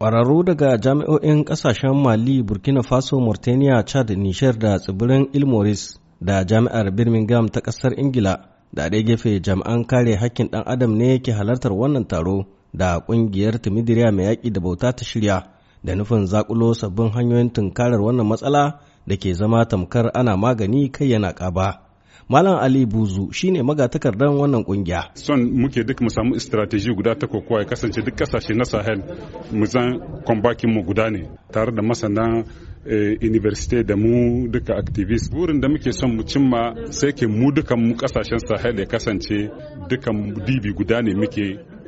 kwararru daga jami'o'in ƙasashen Mali, Burkina Faso, Mauritania, Chad, Nishar da tsibirin Ilmoris da jami'ar Birmingham ta ƙasar Ingila da dai gefe jami'an kare hakkin ɗan adam ne ke halartar wannan taro da ƙungiyar Timidiriya mai yaƙi da bauta ta shirya da nufin zakulo sabbin hanyoyin tunkarar wannan matsala da ke zama tamkar ana magani kai yana ƙaba. Malam Ali Buzu shine magatakardan wannan kungiya. Son muke duk mu samu strategy guda ta kokowa ya kasance duk kasashe na Sahel mu zan kwambakin mu guda ne tare da masana eh, university da mu duka activist burin da muke son mu cimma sai ke mu dukan mu kasashen sahel ya kasance dukan dibi guda ne muke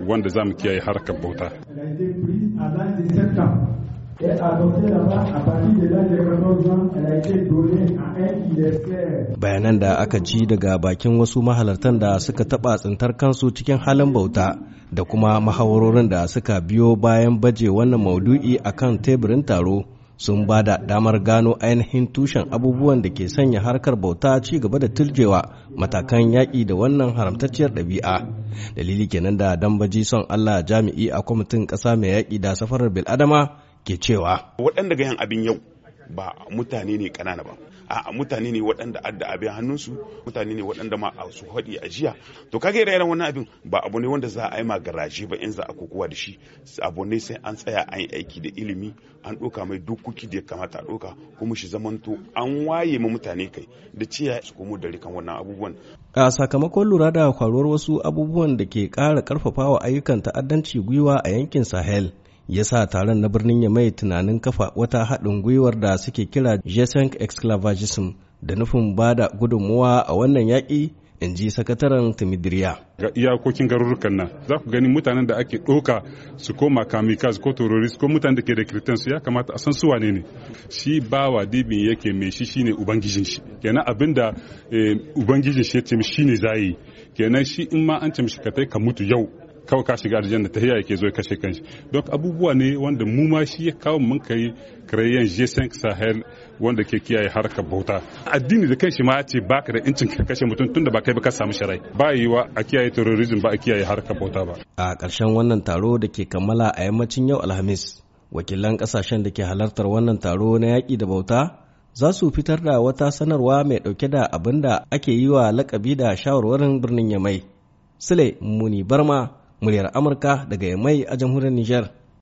wanda za mu kiyaye harkar bauta Bayanan da aka ci daga bakin wasu mahalartan da suka taba tsintar kansu cikin halin bauta da kuma mahawarorin da suka biyo bayan baje wannan maudu'i kan teburin taro sun ba da damar gano ainihin tushen abubuwan da ke sanya harkar bauta ci gaba da turjewa matakan yaƙi da wannan haramtacciyar ɗabi'a dalili kenan da dambaji son allah jami'i a kwamitin ƙasa mai yaƙi da safarar bil'adama ke cewa waɗanda ga yan abin yau ba mutane ne ƙanana ba a mutane ne waɗanda adda abin hannunsu mutane ne waɗanda ma a su haɗi a jiya to kage irin wannan abin ba abu ne wanda za a yi ma garaje ba in za a kokowa da shi abu ne sai an tsaya an yi aiki da ilimi an ɗoka mai dukkuki da ya kamata a ɗoka kuma shi zamanto an waye ma mutane kai da ciya su komo da rikan wannan abubuwan a sakamakon lura da faruwar wasu abubuwan da ke ƙara wa ayyukan ta'addanci gwiwa a yankin sahel ya sa taron na birnin ya mai tunanin kafa wata haɗin gwiwar da suke kira Jeseng Exclavagism da nufin ba da gudunmuwa a wannan yaƙi in ji sakataren timidiriya ga iyakokin garurukan nan za ku gani mutanen da ake ɗauka su koma kamikaz ko terrorist ko mutanen da ke da kirtan su ya kamata a san su wane ne shi bawa dibin yake mai shi shine ubangijin shi kenan abinda eh, ubangijin shi ya ce shine zai kenan shi in ma an ce mishi ka mutu yau kawai ka shiga aljanna ta hiya yake zo kashe kanshi don abubuwa ne wanda mu ma shi ya kawo mun kai kirayen G5 Sahel wanda ke kiyaye harkar bauta addini da kanshi ma ce ba ka da incin kashe mutum tunda ba kai ba ka samu sharai ba yi wa a kiyaye terrorism ba a kiyaye harkar bauta ba a ƙarshen wannan taro da ke kammala a yammacin yau Alhamis wakilan ƙasashen da ke halartar wannan taro na yaƙi da bauta za su fitar da wata sanarwa mai ɗauke da abin da ake yi wa lakabi da shawarwarin birnin Yamai. Sule Muni Barma muryar Amurka daga mai a jamhuriyar Nijar.